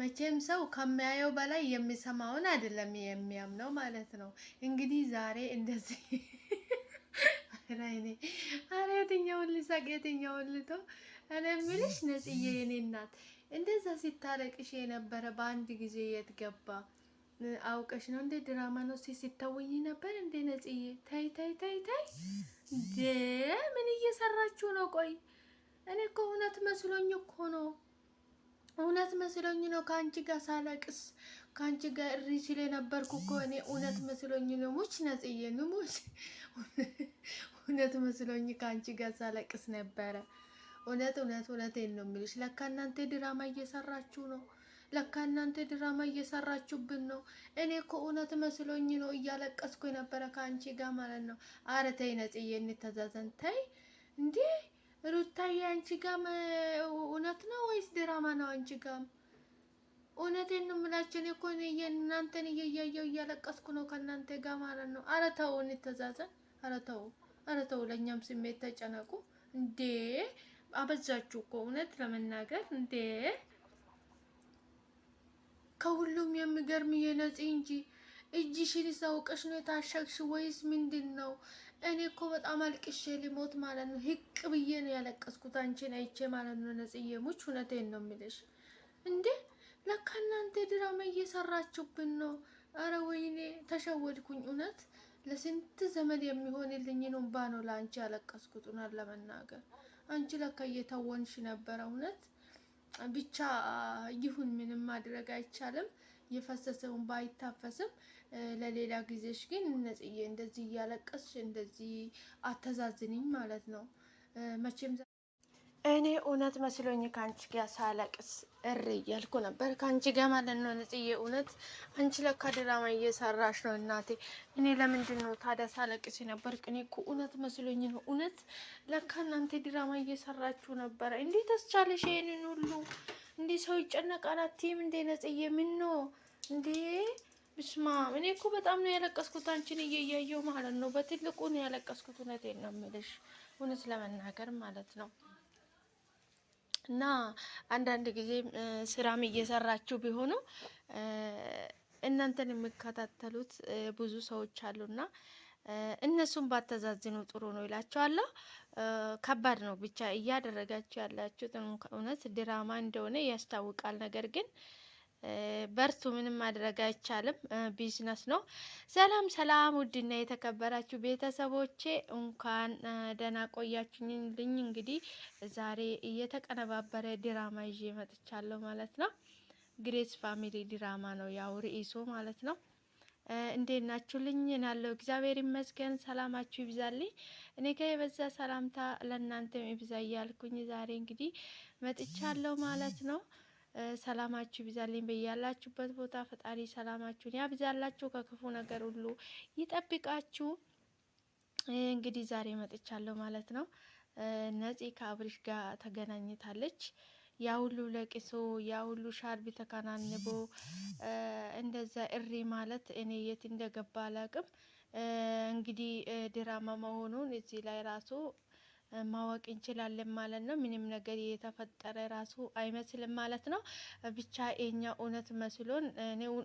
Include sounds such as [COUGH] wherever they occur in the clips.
መቼም ሰው ከሚያየው በላይ የሚሰማውን አይደለም የሚያምነው ማለት ነው። እንግዲህ ዛሬ እንደዚህ ራይኔ [LAUGHS] አረ የትኛውን ልሳቅ የትኛውን ልቶ እኔ የምልሽ ነጽዬ የኔ እናት እንደዛ ሲታረቅሽ የነበረ በአንድ ጊዜ የት ገባ? አውቀሽ ነው እንደ ድራማ ነው ሲታወኝ ነበር እንደ ነጽዬ። ታይ ታይ ታይ ታይ ምን እየሰራችሁ ነው? ቆይ እኔ እኮ እውነት መስሎኝ እኮ ነው እውነት መስሎኝ ነው ከአንቺ ጋር ሳለቅስ ከአንቺ ጋር እሪ ሲል የነበርኩ ከሆነ እውነት መስሎኝ ነው። ሙች ነጽዬ ንሙች እውነት መስሎኝ ከአንቺ ጋር ሳለቅስ ነበረ። እውነት እውነት እውነቴን ነው የሚልሽ። ለካ እናንተ ድራማ እየሰራችሁ ነው። ለካ እናንተ ድራማ እየሰራችሁብን ነው። እኔ እኮ እውነት መስሎኝ ነው እያለቀስኩ የነበረ ከአንቺ ጋር ማለት ነው። አረ ተይ ነጽዬ፣ እንተዛዘን ተይ እንዴ ሩታዬ አንቺ ጋም እውነት ነው ወይስ ድራማ ነው? አንቺ ጋም እውነቴን ነው የምላችሁ። እኔ እኮ እናንተን እየያየው እያለቀስኩ ነው ከእናንተ ጋር ማለት ነው። ኧረ ተው እንተዛዘን። ኧረ ተው፣ ኧረ ተው። ለእኛም ስሜት ተጨነቁ እንዴ! አበዛችሁ እኮ እውነት ለመናገር እንዴ! ከሁሉም የሚገርም የነጽ እንጂ እጅሽን አውቀሽ ነው የታሸግሽ ወይስ ምንድን ነው? እኔ እኮ በጣም አልቅሼ ሊሞት ማለት ነው። ህቅ ብዬ ነው ያለቀስኩት አንቺን አይቼ ማለት ነው። ነጽዬ ሙች እውነቴን ነው የምልሽ። እንዴ ለካ እናንተ ድራማ እየሰራችሁብን ነው። አረ ወይኔ ተሸወድኩኝ። እውነት ለስንት ዘመን የሚሆንልኝን እንባ ነው ለአንቺ ያለቀስኩት። እውነት ለመናገር አንቺ ለካ እየተወንሽ ነበረ እውነት ብቻ ይሁን ምንም ማድረግ አይቻልም። የፈሰሰውን ባይታፈስም ለሌላ ጊዜሽ ግን ነጽዬ እንደዚህ እያለቀስሽ እንደዚህ አተዛዝንኝ ማለት ነው መቼም እኔ እውነት መስሎኝ ከአንቺ ጋር ሳለቅስ እር እያልኩ ነበር። ከአንቺ ጋር ማለት ነው ነጽዬ፣ እውነት አንቺ ለካ ድራማ እየሰራሽ ነው እናቴ። እኔ ለምንድን ነው ታዲያ ሳለቅስ ነበር? እኔ እኮ እውነት መስሎኝ ነው። እውነት ለካ እናንተ ድራማ እየሰራችሁ ነበረ። እንዴት አስቻለሽ ይህንን ሁሉ? እንዴ ሰው ይጨነቃል አትይም እንዴ ነጽዬ? ምን ነው እንዴ? ብስማ እኔ እኮ በጣም ነው ያለቀስኩት፣ አንቺን እየያየው ማለት ነው። በትልቁ ነው ያለቀስኩት። እውነቴን ነው የምልሽ፣ እውነት ለመናገር ማለት ነው እና አንዳንድ ጊዜ ስራም እየሰራችሁ ቢሆኑ እናንተን የሚከታተሉት ብዙ ሰዎች አሉና እነሱን ባተዛዝኑ ጥሩ ነው ይላቸዋለሁ። ከባድ ነው ብቻ እያደረጋችሁ ያላችሁት እውነት ድራማ እንደሆነ ያስታውቃል። ነገር ግን በርቱ፣ ምንም ማድረግ አይቻልም። ቢዝነስ ነው። ሰላም ሰላም፣ ውድና የተከበራችሁ ቤተሰቦቼ እንኳን ደህና ቆያችሁኝ። እንግዲህ ዛሬ እየተቀነባበረ ድራማ ይዤ መጥቻለሁ ማለት ነው። ግሬስ ፋሚሊ ድራማ ነው ያው ርዕሱ ማለት ነው። እንዴት ልኝ ናለው። እግዚአብሔር ይመስገን። ሰላማችሁ ይብዛልኝ። እኔ ከ የበዛ ሰላምታ ለእናንተም ይብዛ እያልኩኝ ዛሬ እንግዲህ መጥቻለሁ ማለት ነው። ሰላማችሁ ይብዛልኝ። በያላችሁበት ቦታ ፈጣሪ ሰላማችሁን ያብዛላችሁ፣ ከክፉ ነገር ሁሉ ይጠብቃችሁ። እንግዲህ ዛሬ መጥቻለሁ ማለት ነው። ነፂ ከአብሪሽ ጋር ተገናኝታለች። ያ ሁሉ ለቅሶ፣ ያ ሁሉ ሻርቢ ተከናንቦ እንደዛ እሪ ማለት እኔ የት እንደገባ አላቅም። እንግዲህ ድራማ መሆኑን እዚህ ላይ ራሱ ማወቅ እንችላለን ማለት ነው። ምንም ነገር የተፈጠረ ራሱ አይመስልም ማለት ነው። ብቻ የኛ እውነት መስሎን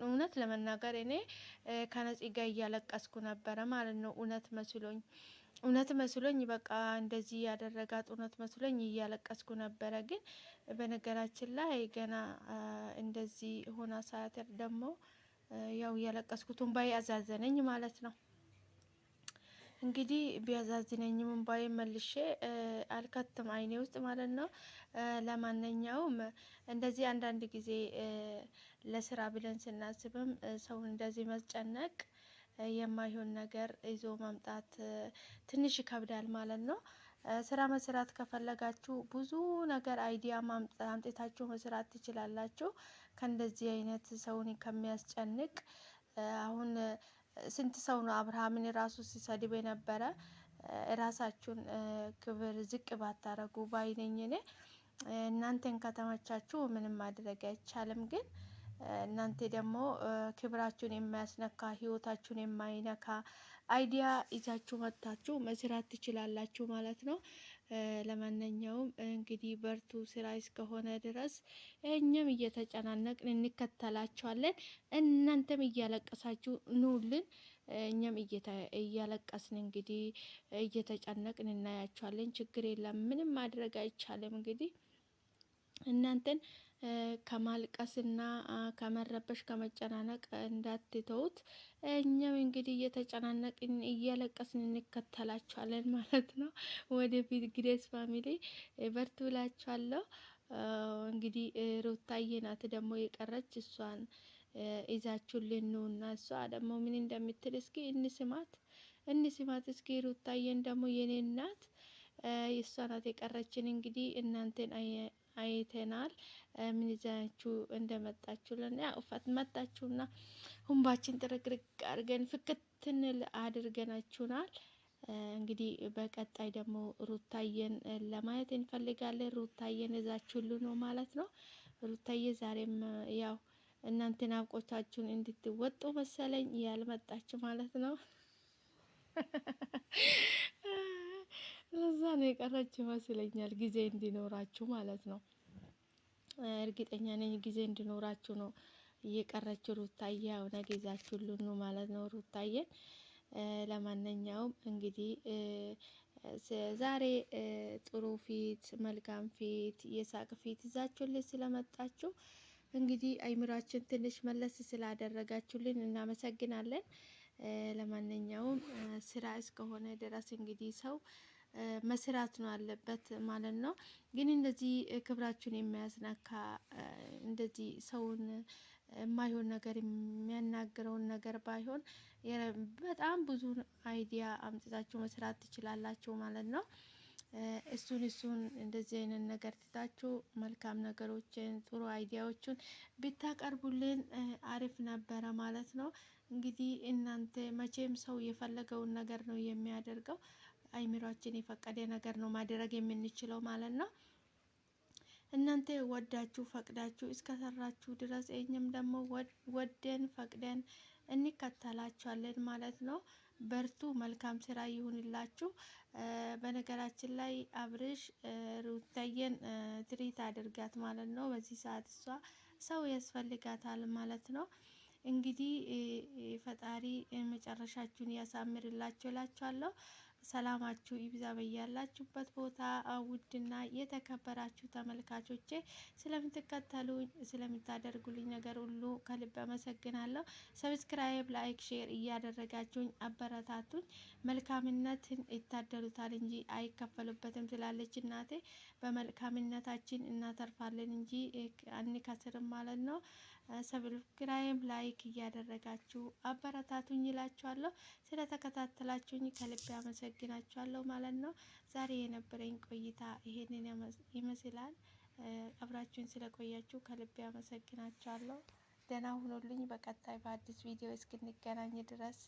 እውነት ለመናገር እኔ ከነፂ ጋር እያለቀስኩ ነበረ ማለት ነው። እውነት መስሎኝ እውነት መስሎኝ በቃ እንደዚህ ያደረጋት እውነት መስሎኝ እያለቀስኩ ነበረ። ግን በነገራችን ላይ ገና እንደዚህ ሆና ሳያትር ደግሞ ያው እያለቀስኩ ቱንባዬ አዛዘነኝ ማለት ነው። እንግዲህ ቢያዛዝነኝም እምባዬ መልሼ አልከትም አይኔ ውስጥ ማለት ነው። ለማንኛውም እንደዚህ አንዳንድ ጊዜ ለስራ ብለን ስናስብም ሰውን እንደዚህ መስጨነቅ የማይሆን ነገር ይዞ መምጣት ትንሽ ይከብዳል ማለት ነው። ስራ መስራት ከፈለጋችሁ ብዙ ነገር አይዲያ አምጤታችሁ መስራት ትችላላችሁ። ከእንደዚህ አይነት ሰውን ከሚያስጨንቅ አሁን ስንት ሰው ነው አብርሃምን ራሱ ሲሰድብ የነበረ? ራሳችሁን ክብር ዝቅ ባታረጉ ባይነኝ እኔ። እናንተን ከተመቻችሁ ምንም ማድረግ አይቻልም፣ ግን እናንተ ደግሞ ክብራችሁን የማያስነካ ህይወታችሁን የማይነካ አይዲያ ይዛችሁ መጥታችሁ መስራት ትችላላችሁ ማለት ነው። ለማንኛውም እንግዲህ በርቱ ስራ እስከሆነ ድረስ እኛም እየተጨናነቅን እንከተላቸዋለን። እናንተም እያለቀሳችሁ ኑልን። እኛም እያለቀስን እንግዲህ እየተጨነቅን እናያቸዋለን። ችግር የለም፣ ምንም ማድረግ አይቻልም። እንግዲህ እናንተን ከማልቀስና ከመረበሽ ከመጨናነቅ እንዳትተውት። እኛም እንግዲህ እየተጨናነቅን እያለቀስን እንከተላቸዋለን [LAUGHS] ማለት ነው። ወደፊት ግሬስ ፋሚሊ በርቱ ብላቸዋለሁ። እንግዲህ ሩታዬ ናት ደግሞ የቀረች እሷን ይዛችሁልን ነውና እሷ ደግሞ ምን እንደምትል እስኪ እንስማት እንስማት እስኪ ሩታዬን ደግሞ የኔ ናት እሷ ናት የቀረችን እንግዲህ እናንተን አይተናል። ምን ይዛችሁ እንደመጣችሁልን ያው ፋት መጣችሁና ሁንባችን ጥርቅርቅ አድርገን ፍክትንል አድርገናችሁናል። እንግዲህ በቀጣይ ደግሞ ሩታየን ለማየት እንፈልጋለን። ሩታየን እዛችሁሉ ነው ማለት ነው። ሩታዬ ዛሬም ያው እናንተ ናፍቆታችሁን እንድትወጡ መሰለኝ ያልመጣችሁ ማለት ነው። [LAUGHS] ስለዛ ነው የቀረች ይመስለኛል ጊዜ እንዲኖራችሁ ማለት ነው። እርግጠኛ ነኝ ጊዜ እንዲኖራችሁ ነው እየቀረችው ሩታዬ አሁነ ጊዜያችሁ ሁሉ ማለት ነው ሩታዬን ለማንኛውም እንግዲህ ዛሬ ጥሩ ፊት፣ መልካም ፊት፣ የሳቅ ፊት ይዛችሁልን ስለመጣችሁ እንግዲህ አይምራችን ትንሽ መለስ ስላደረጋችሁልን እናመሰግናለን። ለማንኛውም ስራ እስከሆነ ድረስ እንግዲህ ሰው መስራት ነው አለበት ማለት ነው። ግን እንደዚህ ክብራችሁን የሚያስነካ እንደዚህ ሰውን የማይሆን ነገር የሚያናግረውን ነገር ባይሆን በጣም ብዙ አይዲያ አምጥታችሁ መስራት ትችላላችሁ ማለት ነው። እሱን እሱን እንደዚህ አይነት ነገር ትታችሁ መልካም ነገሮችን ጥሩ አይዲያዎችን ብታቀርቡልን አሪፍ ነበረ ማለት ነው። እንግዲህ እናንተ መቼም ሰው የፈለገውን ነገር ነው የሚያደርገው አይምሯችን የፈቀደ ነገር ነው ማድረግ የምንችለው ማለት ነው። እናንተ ወዳችሁ ፈቅዳችሁ እስከሰራችሁ ድረስ እኛም ደግሞ ወደን ፈቅደን እንከተላችኋለን ማለት ነው። በርቱ፣ መልካም ስራ ይሁንላችሁ። በነገራችን ላይ አብርሽ ሩታዬን ትሪት አድርጋት ማለት ነው። በዚህ ሰዓት እሷ ሰው ያስፈልጋታል ማለት ነው። እንግዲህ ፈጣሪ መጨረሻችሁን ያሳምርላችሁ እላችኋለሁ። ሰላማችሁ ይብዛ በያላችሁበት ቦታ ውድና የተከበራችሁ ተመልካቾቼ ስለምትከተሉ ስለምታደርጉልኝ ነገር ሁሉ ከልብ አመሰግናለሁ። ሰብስክራይብ፣ ላይክ፣ ሼር እያደረጋችሁኝ አበረታቱኝ። መልካምነትን ይታደሉታል እንጂ አይከፈሉበትም ትላለች እናቴ። በመልካምነታችን እናተርፋለን እንጂ አንከስርም ማለት ነው። ሰብስክራይብ፣ ላይክ እያደረጋችሁ አበረታቱኝ ይላችኋለሁ። ስለተከታተላችሁኝ ከልብ አመሰግናችኋለሁ ማለት ነው። ዛሬ የነበረኝ ቆይታ ይሄንን ይመስላል። አብራችሁኝ ስለቆያችሁ ከልብ አመሰግናችኋለሁ። ደህና ሁኑልኝ። በቀጣይ በአዲስ ቪዲዮ እስክንገናኝ ድረስ